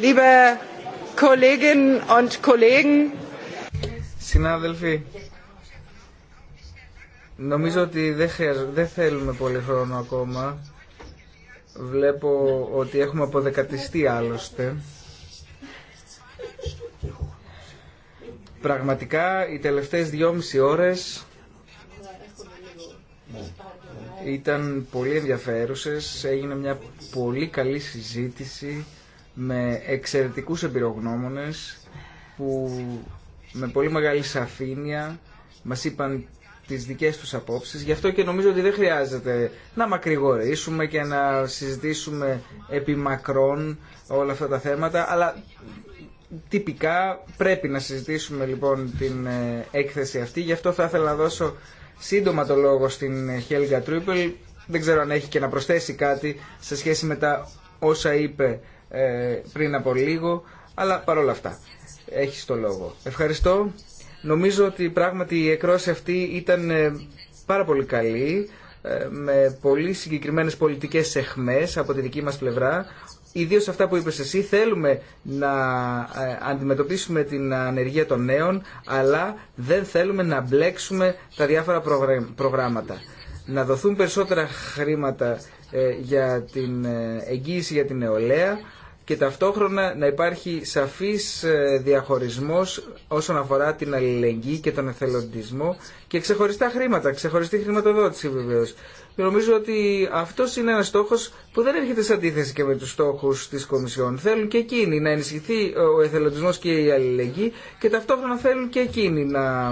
Liebe Kolleginnen und Kollegen. Συνάδελφοι, νομίζω ότι δεν, θέλουμε πολύ χρόνο ακόμα. Βλέπω ότι έχουμε αποδεκατιστεί άλλωστε. Πραγματικά οι τελευταίες δυόμιση ώρες ήταν πολύ ενδιαφέρουσες, έγινε μια πολύ καλή συζήτηση με εξαιρετικούς εμπειρογνώμονες που με πολύ μεγάλη σαφήνεια μας είπαν τις δικές τους απόψεις. Γι' αυτό και νομίζω ότι δεν χρειάζεται να μακρηγορήσουμε και να συζητήσουμε επί όλα αυτά τα θέματα, αλλά τυπικά πρέπει να συζητήσουμε λοιπόν την ε, έκθεση αυτή. Γι' αυτό θα ήθελα να δώσω σύντομα το λόγο στην ε, Χέλγα Τρούπελ. Δεν ξέρω αν έχει και να προσθέσει κάτι σε σχέση με τα όσα είπε ε, πριν από λίγο, αλλά παρόλα αυτά έχεις το λόγο. Ευχαριστώ. Νομίζω ότι πράγματι η εκρόση αυτή ήταν ε, πάρα πολύ καλή, ε, με πολύ συγκεκριμένες πολιτικές εχμές από τη δική μας πλευρά. Ιδίω αυτά που είπες εσύ, θέλουμε να αντιμετωπίσουμε την ανεργία των νέων, αλλά δεν θέλουμε να μπλέξουμε τα διάφορα προγράμματα. Να δοθούν περισσότερα χρήματα για την εγγύηση για την νεολαία, και ταυτόχρονα να υπάρχει σαφής ε, διαχωρισμός όσον αφορά την αλληλεγγύη και τον εθελοντισμό και ξεχωριστά χρήματα, ξεχωριστή χρηματοδότηση βεβαίως. Νομίζω ότι αυτό είναι ένα στόχο που δεν έρχεται σε αντίθεση και με του στόχου τη Κομισιόν. Θέλουν και εκείνοι να ενισχυθεί ο εθελοντισμό και η αλληλεγγύη και ταυτόχρονα θέλουν και εκείνοι να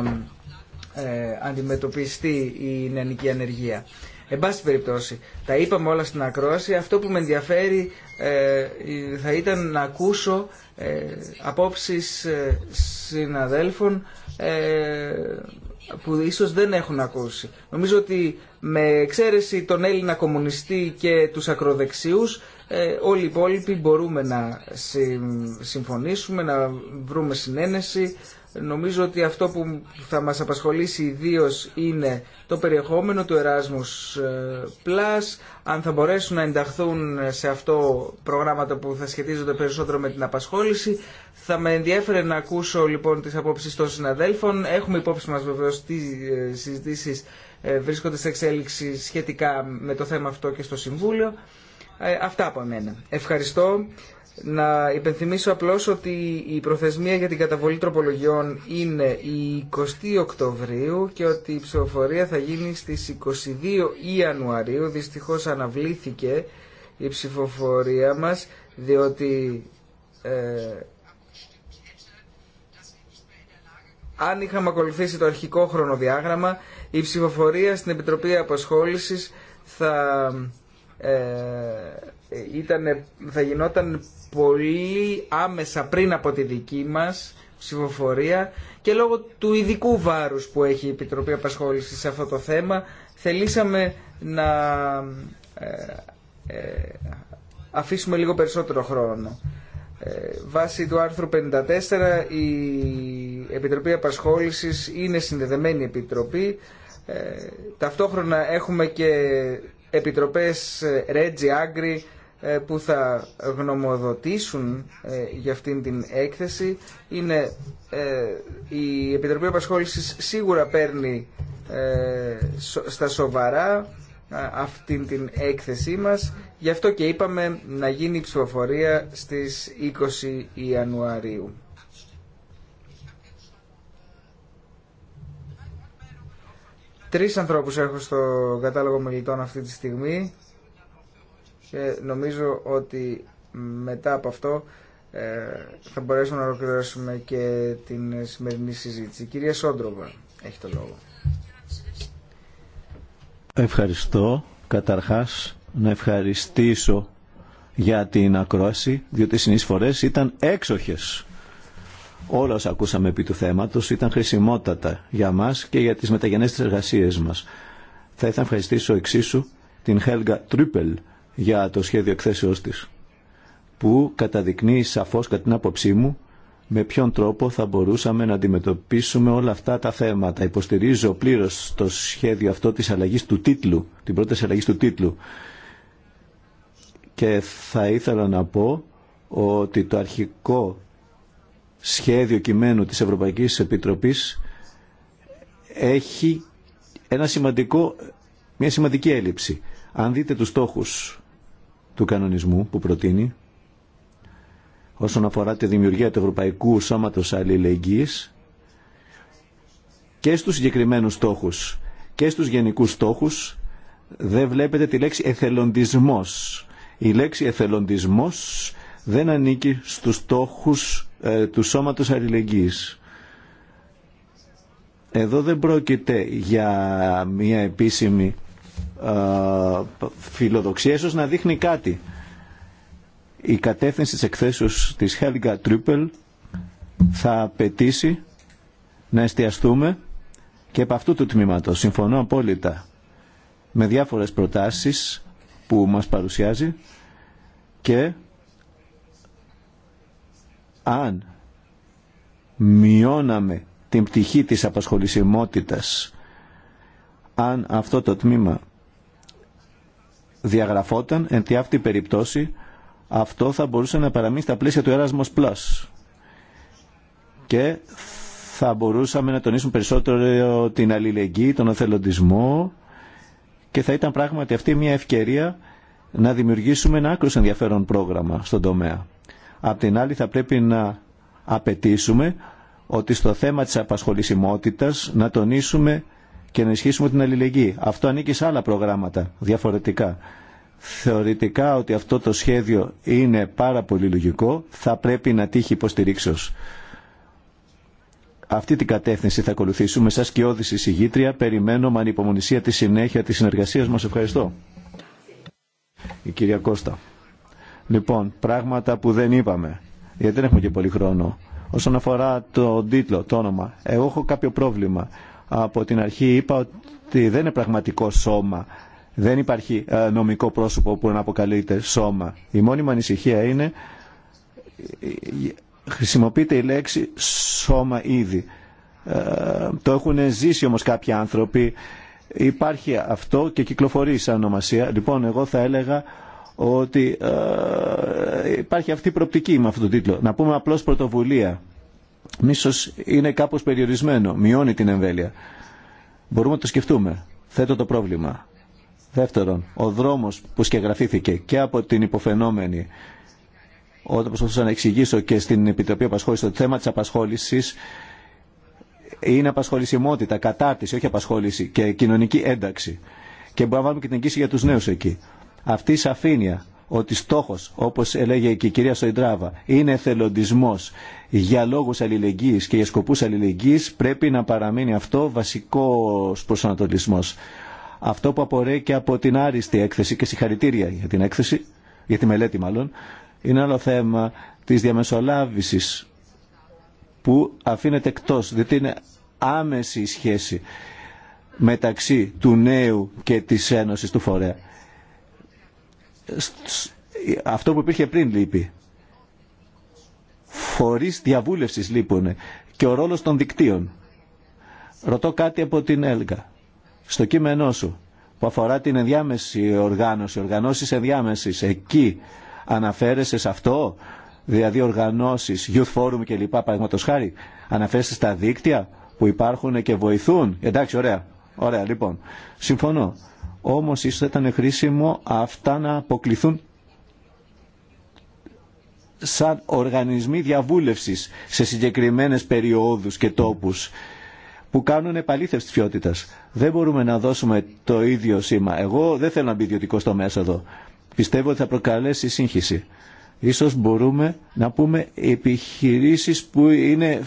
ε, αντιμετωπιστεί η νεανική ανεργία. Εν πάση περιπτώσει, τα είπαμε όλα στην ακρόαση. Αυτό που με ενδιαφέρει ε, θα ήταν να ακούσω ε, απόψεις ε, συναδέλφων ε, που ίσως δεν έχουν ακούσει. Νομίζω ότι με εξαίρεση τον Έλληνα κομμουνιστή και τους ακροδεξιούς όλοι οι υπόλοιποι μπορούμε να συμφωνήσουμε, να βρούμε συνένεση Νομίζω ότι αυτό που θα μας απασχολήσει ιδίω είναι το περιεχόμενο του Erasmus ε, Plus, αν θα μπορέσουν να ενταχθούν σε αυτό προγράμματα που θα σχετίζονται περισσότερο με την απασχόληση. Θα με ενδιέφερε να ακούσω λοιπόν τις απόψεις των συναδέλφων. Έχουμε υπόψη μας βεβαίως τι ε, συζητήσεις ε, βρίσκονται σε εξέλιξη σχετικά με το θέμα αυτό και στο Συμβούλιο. Αυτά από μένα. Ευχαριστώ να υπενθυμίσω απλώς ότι η προθεσμία για την καταβολή τροπολογιών είναι η 20 Οκτωβρίου και ότι η ψηφοφορία θα γίνει στις 22 Ιανουαρίου. Δυστυχώς αναβλήθηκε η ψηφοφορία μας διότι ε, αν είχαμε ακολουθήσει το αρχικό χρονοδιάγραμμα η ψηφοφορία στην Επιτροπή Αποσχόλησης θα ε, ήταν, θα γινόταν πολύ άμεσα πριν από τη δική μας ψηφοφορία και λόγω του ειδικού βάρους που έχει η Επιτροπή Απασχόλησης σε αυτό το θέμα θελήσαμε να ε, ε, αφήσουμε λίγο περισσότερο χρόνο. Βάσει του άρθρου 54 η Επιτροπή Απασχόλησης είναι συνδεδεμένη επιτροπή. Ταυτόχρονα έχουμε και επιτροπές Ρέτζι, ε, Άγκρι ε, που θα γνωμοδοτήσουν ε, για αυτήν την έκθεση. Είναι η Επιτροπή Απασχόλησης σίγουρα παίρνει στα σοβαρά αυτήν την έκθεσή μας. Γι' αυτό και είπαμε να γίνει η ψηφοφορία στις 20 Ιανουαρίου. Τρεις ανθρώπους έχω στο κατάλογο μιλητών αυτή τη στιγμή και νομίζω ότι μετά από αυτό ε, θα μπορέσουμε να ολοκληρώσουμε και την σημερινή συζήτηση. κυρία Σόντροβα έχει το λόγο. Ευχαριστώ. Καταρχάς να ευχαριστήσω για την ακρόαση, διότι οι φορές ήταν έξοχες. Όλα όσα ακούσαμε επί του θέματος ήταν χρησιμότατα για μας και για τις μεταγενέστερες εργασίες μας. Θα ήθελα να ευχαριστήσω εξίσου την Χέλγα Τρίπελ για το σχέδιο εκθέσεώς της, που καταδεικνύει σαφώς κατά την άποψή μου με ποιον τρόπο θα μπορούσαμε να αντιμετωπίσουμε όλα αυτά τα θέματα. Υποστηρίζω πλήρως το σχέδιο αυτό της αλλαγής του τίτλου, την πρώτη αλλαγή του τίτλου. Και θα ήθελα να πω ότι το αρχικό σχέδιο κειμένου της Ευρωπαϊκής Επιτροπής έχει ένα σημαντικό, μια σημαντική έλλειψη. Αν δείτε τους στόχους του κανονισμού που προτείνει όσον αφορά τη δημιουργία του Ευρωπαϊκού Σώματος Αλληλεγγύης και στους συγκεκριμένους στόχους και στους γενικούς στόχους δεν βλέπετε τη λέξη εθελοντισμός. Η λέξη εθελοντισμός δεν ανήκει στους στόχους ε, του σώματος αλληλεγγύης. Εδώ δεν πρόκειται για μια επίσημη ε, φιλοδοξία, ίσως να δείχνει κάτι. Η κατεύθυνση της εκθέσεως της Helga Triple θα απαιτήσει να εστιαστούμε και από αυτού του τμήματος. Συμφωνώ απόλυτα με διάφορες προτάσεις που μας παρουσιάζει και αν μειώναμε την πτυχή της απασχολησιμότητας, αν αυτό το τμήμα διαγραφόταν, εν τη αυτή περιπτώσει αυτό θα μπορούσε να παραμείνει στα πλαίσια του Erasmus Plus. Και θα μπορούσαμε να τονίσουμε περισσότερο την αλληλεγγύη, τον οθελοντισμό και θα ήταν πράγματι αυτή μια ευκαιρία να δημιουργήσουμε ένα άκρως ενδιαφέρον πρόγραμμα στον τομέα. Απ' την άλλη θα πρέπει να απαιτήσουμε ότι στο θέμα της απασχολησιμότητας να τονίσουμε και να ισχύσουμε την αλληλεγγύη. Αυτό ανήκει σε άλλα προγράμματα διαφορετικά. Θεωρητικά ότι αυτό το σχέδιο είναι πάρα πολύ λογικό, θα πρέπει να τύχει υποστηρίξεως. Αυτή την κατεύθυνση θα ακολουθήσουμε. Σας και όδηση συγγήτρια. Περιμένω με ανυπομονησία τη συνέχεια της συνεργασίας μας. Ευχαριστώ. Η κυρία Κώστα. Λοιπόν, πράγματα που δεν είπαμε, γιατί δεν έχουμε και πολύ χρόνο. Όσον αφορά το τίτλο, το όνομα, εγώ έχω κάποιο πρόβλημα. Από την αρχή είπα ότι δεν είναι πραγματικό σώμα. Δεν υπάρχει ε, νομικό πρόσωπο που να αποκαλείται σώμα. Η μόνιμη ανησυχία είναι χρησιμοποιείται η λέξη σώμα ήδη. Ε, το έχουν ζήσει όμως κάποιοι άνθρωποι. Υπάρχει αυτό και κυκλοφορεί σαν ονομασία. Λοιπόν, εγώ θα έλεγα ότι ε, υπάρχει αυτή η προπτική με αυτόν τον τίτλο. Να πούμε απλώς πρωτοβουλία. Μίσος είναι κάπως περιορισμένο, μειώνει την εμβέλεια. Μπορούμε να το σκεφτούμε. Θέτω το πρόβλημα. Δεύτερον, ο δρόμος που σκεγγραφήθηκε και από την υποφαινόμενη όταν προσπαθούσα να εξηγήσω και στην Επιτροπή Απασχόληση το θέμα της απασχόλησης είναι απασχολησιμότητα, κατάρτιση, όχι απασχόληση και κοινωνική ένταξη. Και μπορούμε να βάλουμε και την εγγύηση για του νέου εκεί αυτή η σαφήνεια ότι στόχος, όπως έλεγε και η κυρία Σοϊντράβα, είναι εθελοντισμός για λόγους αλληλεγγύης και για σκοπούς αλληλεγγύης, πρέπει να παραμείνει αυτό βασικός προσανατολισμός. Αυτό που απορρέει και από την άριστη έκθεση και συγχαρητήρια για την έκθεση, για τη μελέτη μάλλον, είναι άλλο θέμα της διαμεσολάβησης που αφήνεται εκτός, διότι είναι άμεση η σχέση μεταξύ του νέου και της ένωσης του φορέα αυτό που υπήρχε πριν λείπει. Φορείς διαβούλευσης λείπουν και ο ρόλος των δικτύων. Ρωτώ κάτι από την Έλγα. Στο κείμενό σου που αφορά την ενδιάμεση οργάνωση, οργανώσεις ενδιάμεσης, εκεί αναφέρεσαι σε αυτό, δηλαδή οργανώσεις, youth forum κλπ. Παραδείγματος χάρη, αναφέρεσαι στα δίκτυα που υπάρχουν και βοηθούν. Εντάξει, ωραία, Ωραία, λοιπόν. Συμφωνώ. Όμως ίσω θα ήταν χρήσιμο αυτά να αποκληθούν σαν οργανισμοί διαβούλευση σε συγκεκριμένες περιόδους και τόπους που κάνουν επαλήθευση τη ποιότητα. Δεν μπορούμε να δώσουμε το ίδιο σήμα. Εγώ δεν θέλω να μπει ιδιωτικό στο μέσο εδώ. Πιστεύω ότι θα προκαλέσει σύγχυση. Ίσως μπορούμε να πούμε επιχειρήσεις που είναι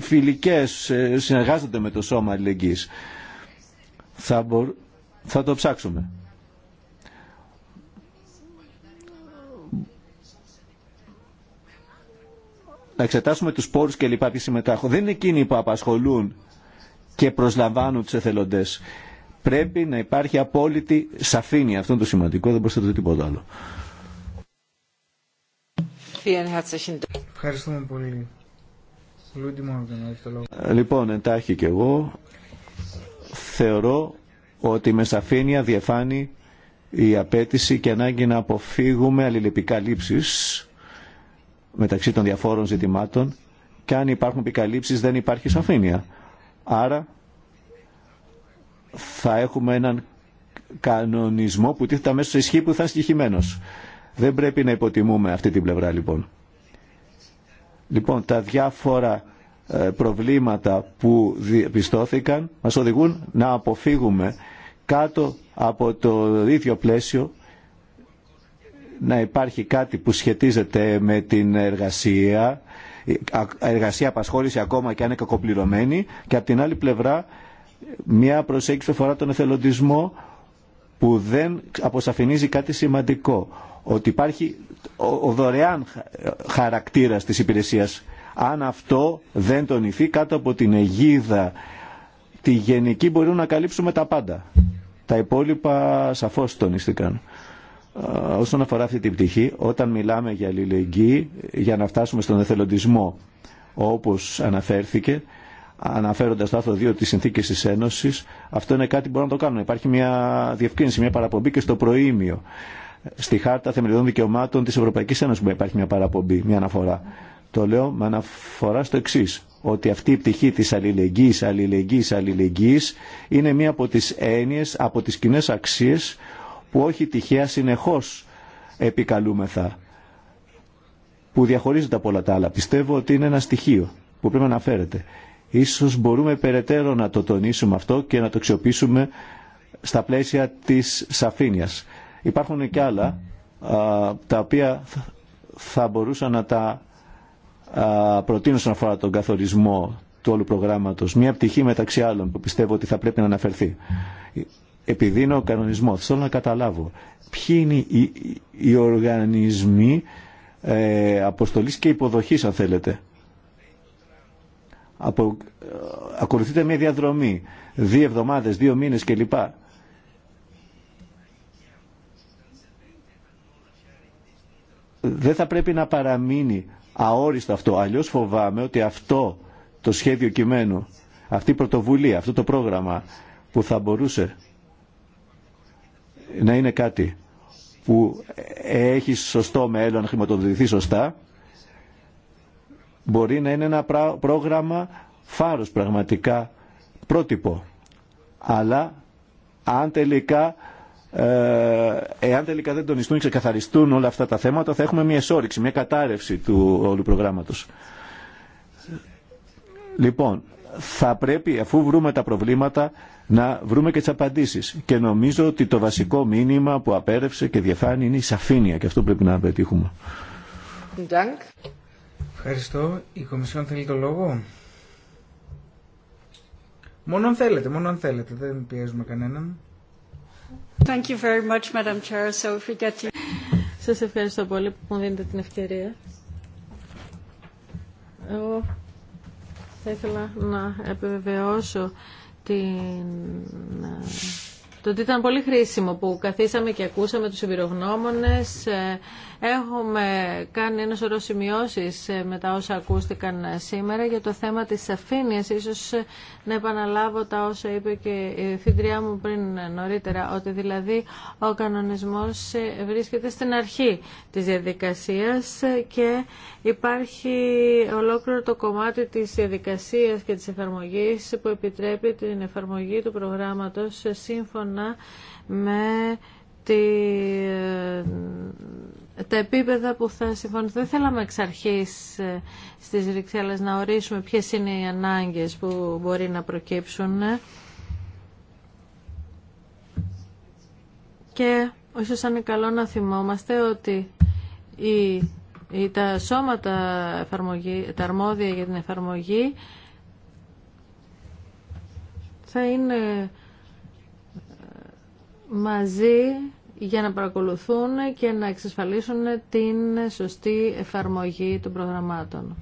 φιλικές, ε, συνεργάζονται με το σώμα αλληλεγγύης θα, θα το ψάξουμε. Να εξετάσουμε τους πόρους και λοιπά ποιοι συμμετάχουν. Δεν είναι εκείνοι που απασχολούν και προσλαμβάνουν τους εθελοντές. Πρέπει να υπάρχει απόλυτη σαφήνεια. Αυτό είναι το σημαντικό, δεν προσθέτω τίποτα άλλο. Ευχαριστούμε πολύ. Λοιπόν, εντάχει και εγώ θεωρώ ότι με σαφήνεια διαφάνει η απέτηση και ανάγκη να αποφύγουμε λήψεις μεταξύ των διαφόρων ζητημάτων και αν υπάρχουν επικαλύψεις δεν υπάρχει σαφήνεια. Άρα θα έχουμε έναν κανονισμό που τίθεται μέσα σε ισχύ που θα είναι Δεν πρέπει να υποτιμούμε αυτή την πλευρά λοιπόν. Λοιπόν, τα διάφορα ε, προβλήματα που πιστώθηκαν μας οδηγούν να αποφύγουμε κάτω από το ίδιο πλαίσιο να υπάρχει κάτι που σχετίζεται με την εργασία, εργασία απασχόληση ακόμα και αν είναι κακοπληρωμένη και από την άλλη πλευρά μια προσέγγιση αφορά τον εθελοντισμό που δεν αποσαφηνίζει κάτι σημαντικό ότι υπάρχει ο δωρεάν χαρακτήρας της υπηρεσίας αν αυτό δεν τονιθεί κάτω από την αιγίδα τη γενική μπορούμε να καλύψουμε τα πάντα. Τα υπόλοιπα σαφώς τονιστήκαν. Ε, όσον αφορά αυτή την πτυχή, όταν μιλάμε για αλληλεγγύη, για να φτάσουμε στον εθελοντισμό, όπως αναφέρθηκε, αναφέροντα το άθρο 2 τη συνθήκη τη Ένωση, αυτό είναι κάτι που μπορούμε να το κάνουμε. Υπάρχει μια διευκρίνηση, μια παραπομπή και στο προήμιο. Στη Χάρτα Θεμελιωδών Δικαιωμάτων τη Ευρωπαϊκή Ένωση που υπάρχει μια παραπομπή, μια αναφορά. Το λέω με αναφορά στο εξή ότι αυτή η πτυχή της αλληλεγγύης, αλληλεγγύης, αλληλεγγύης είναι μία από τις έννοιες, από τις κοινέ αξίες που όχι τυχαία συνεχώς επικαλούμεθα, που διαχωρίζεται από όλα τα άλλα. Πιστεύω ότι είναι ένα στοιχείο που πρέπει να αναφέρεται. Ίσως μπορούμε περαιτέρω να το τονίσουμε αυτό και να το αξιοποιήσουμε στα πλαίσια της σαφήνειας. Υπάρχουν και άλλα τα οποία θα μπορούσα να τα προτείνω στον αφορά τον καθορισμό του όλου ο κανονισμό, θέλω να καταλάβω. Ποιο είναι οι οργανισμοί αποστολή και υποδοχή, αν θέλετε. Ακολουθείτε Μία πτυχή μεταξύ άλλων που πιστεύω ότι θα πρέπει να αναφερθεί. Επειδή είναι ο κανονισμο θέλω να καταλάβω ποιοι είναι οι, οι οργανισμοί ε, αποστολής και υποδοχής αν θέλετε. Απο, ε, ακολουθείτε μια διαδρομή, δύο εβδομάδες, δύο μήνες κλπ. Δεν θα πρέπει να παραμείνει αόριστο αυτό. Αλλιώς φοβάμαι ότι αυτό το σχέδιο κειμένου, αυτή η πρωτοβουλία, αυτό το πρόγραμμα που θα μπορούσε να είναι κάτι που έχει σωστό μέλλον, να χρηματοδοτηθεί σωστά, μπορεί να είναι ένα πρόγραμμα φάρος πραγματικά πρότυπο. Αλλά αν τελικά ε, εάν τελικά δεν τονιστούν και ξεκαθαριστούν όλα αυτά τα θέματα θα έχουμε μια εσόριξη, μια κατάρρευση του όλου προγράμματος. Λοιπόν, θα πρέπει αφού βρούμε τα προβλήματα να βρούμε και τις απαντήσεις. Και νομίζω ότι το βασικό μήνυμα που απέρευσε και διαφάνει είναι η σαφήνεια και αυτό πρέπει να πετύχουμε. Ευχαριστώ. Η Κομισιόν θέλει το λόγο. Μόνο αν θέλετε, μόνο αν θέλετε. Δεν πιέζουμε κανέναν. Σας ευχαριστώ πολύ που μου δίνετε την ευκαιρία. Εγώ θα ήθελα να επιβεβαιώσω την ε, το ότι ήταν πολύ χρήσιμο που καθίσαμε και ακούσαμε τους εμπειρογνώμονες. Ε, έχουμε κάνει ένα σωρό σημειώσεις ε, με τα όσα ακούστηκαν ε, σήμερα για το θέμα της αφήνειας. Ίσως να επαναλάβω τα όσα είπε και η φίτριά μου πριν νωρίτερα, ότι δηλαδή ο κανονισμός βρίσκεται στην αρχή της διαδικασίας και υπάρχει ολόκληρο το κομμάτι της διαδικασίας και της εφαρμογής που επιτρέπει την εφαρμογή του προγράμματος σύμφωνα με τη, τα επίπεδα που θα συμφωνηθούν. Δεν θέλαμε εξ αρχής ε, στις Ρηξέλλες να ορίσουμε ποιες είναι οι ανάγκες που μπορεί να προκύψουν και ίσως αν είναι καλό να θυμόμαστε ότι η, η, τα σώματα εφαρμογή, τα αρμόδια για την εφαρμογή θα είναι μαζί για να παρακολουθούν και να εξασφαλίσουν την σωστή εφαρμογή των προγραμμάτων.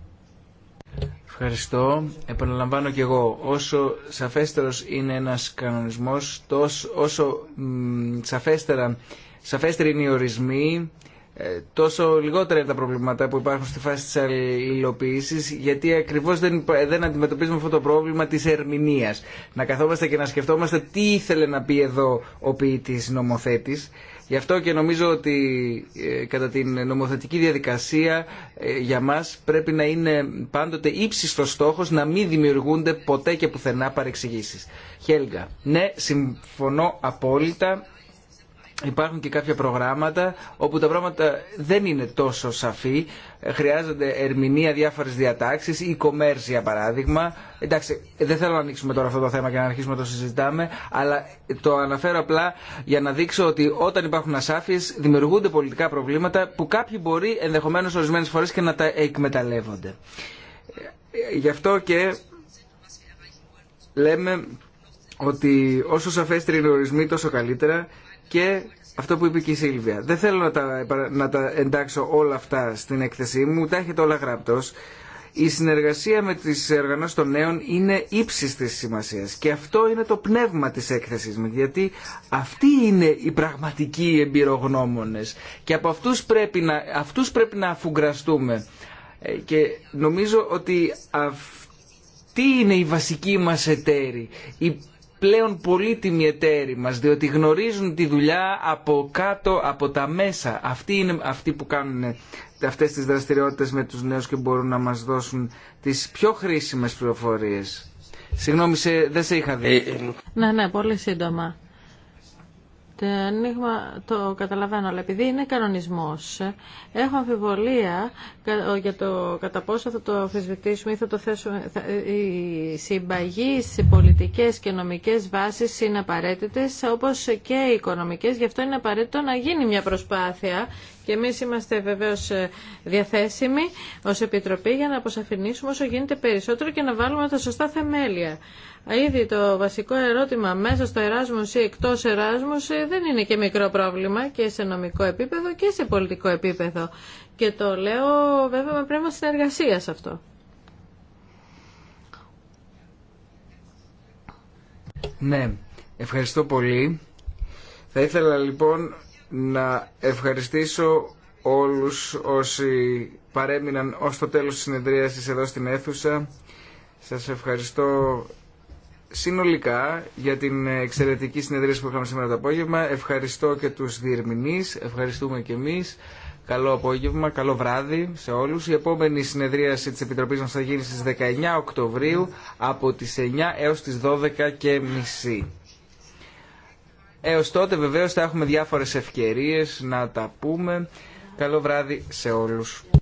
Ευχαριστώ. Επαναλαμβάνω και εγώ, όσο σαφέστερος είναι ένας κανονισμός, τόσο, όσο μ, σαφέστερα, σαφέστερη είναι οι ορισμοί, ε, τόσο λιγότερα είναι τα προβλήματα που υπάρχουν στη φάση της αλληλοποίησης γιατί ακριβώς δεν, ε, δεν αντιμετωπίζουμε αυτό το πρόβλημα της ερμηνείας. Να καθόμαστε και να σκεφτόμαστε τι ήθελε να πει εδώ ο ποιητής νομοθέτης. Γι' αυτό και νομίζω ότι ε, κατά την νομοθετική διαδικασία για μας πρέπει να είναι πάντοτε ύψιστο στόχος να μην δημιουργούνται ποτέ και πουθενά παρεξηγήσεις. Χέλγα, ναι, συμφωνώ απόλυτα Υπάρχουν και κάποια προγράμματα όπου τα πράγματα δεν είναι τόσο σαφή. Χρειάζονται ερμηνεία διάφορε διατάξει ή e-commerce για παράδειγμα. Εντάξει, δεν θέλω να ανοίξουμε τώρα αυτό το θέμα και να αρχίσουμε να το συζητάμε, αλλά το αναφέρω απλά για να δείξω ότι όταν υπάρχουν ασάφειε δημιουργούνται πολιτικά προβλήματα που κάποιοι μπορεί ενδεχομένω ορισμένε φορέ και να τα εκμεταλλεύονται. Γι' αυτό και λέμε ότι όσο σαφέστεροι είναι ορισμοί τόσο καλύτερα και αυτό που είπε και η Σίλβια. Δεν θέλω να τα, να τα εντάξω όλα αυτά στην έκθεσή μου, τα έχετε όλα γράπτος. Η συνεργασία με τις οργανώσεις των νέων είναι ύψης της σημασίας και αυτό είναι το πνεύμα της έκθεσης μου γιατί αυτοί είναι οι πραγματικοί εμπειρογνώμονες και από αυτούς πρέπει να, αυτούς πρέπει να αφουγκραστούμε ε, και νομίζω ότι αυτοί είναι η βασική μας εταίροι, πλέον πολύτιμοι εταίροι μας, διότι γνωρίζουν τη δουλειά από κάτω, από τα μέσα. Αυτοί είναι αυτοί που κάνουν αυτές τις δραστηριότητες με τους νέους και μπορούν να μας δώσουν τις πιο χρήσιμες πληροφορίες. Συγγνώμη, σε, δεν σε είχα δει. Ναι, ναι, πολύ σύντομα. Το ανοίγμα το καταλαβαίνω, αλλά επειδή είναι κανονισμός, έχω αμφιβολία για το κατά πόσο θα το αφισβητήσουμε ή θα το θέσουμε. Η συμπαγή σε πολιτικές και νομικές βάσεις είναι απαραίτητες, όπως και οι οικονομικές, γι' αυτό είναι απαραίτητο να γίνει μια προσπάθεια και εμεί είμαστε βεβαίω ε, διαθέσιμοι ως Επιτροπή για να αποσαφηνίσουμε όσο γίνεται περισσότερο και να βάλουμε τα σωστά θεμέλια. Ήδη το βασικό ερώτημα μέσα στο Εράσμος ή εκτός Εράσμος δεν είναι και μικρό πρόβλημα και σε νομικό επίπεδο και σε πολιτικό επίπεδο. Και το λέω βέβαια με πνεύμα συνεργασία αυτό. Ναι, ευχαριστώ πολύ. Θα ήθελα λοιπόν να ευχαριστήσω όλους όσοι παρέμειναν ως το τέλος της συνεδρίασης εδώ στην αίθουσα. Σας ευχαριστώ συνολικά για την εξαιρετική συνεδρίαση που είχαμε σήμερα το απόγευμα. Ευχαριστώ και τους διερμηνείς, ευχαριστούμε και εμείς. Καλό απόγευμα, καλό βράδυ σε όλους. Η επόμενη συνεδρίαση της Επιτροπής μας θα γίνει στις 19 Οκτωβρίου από τις 9 έως τις 12.30. Εώ τότε βεβαίω, θα έχουμε διάφορε ευκαιρίε να τα πούμε. Καλό βράδυ σε όλους.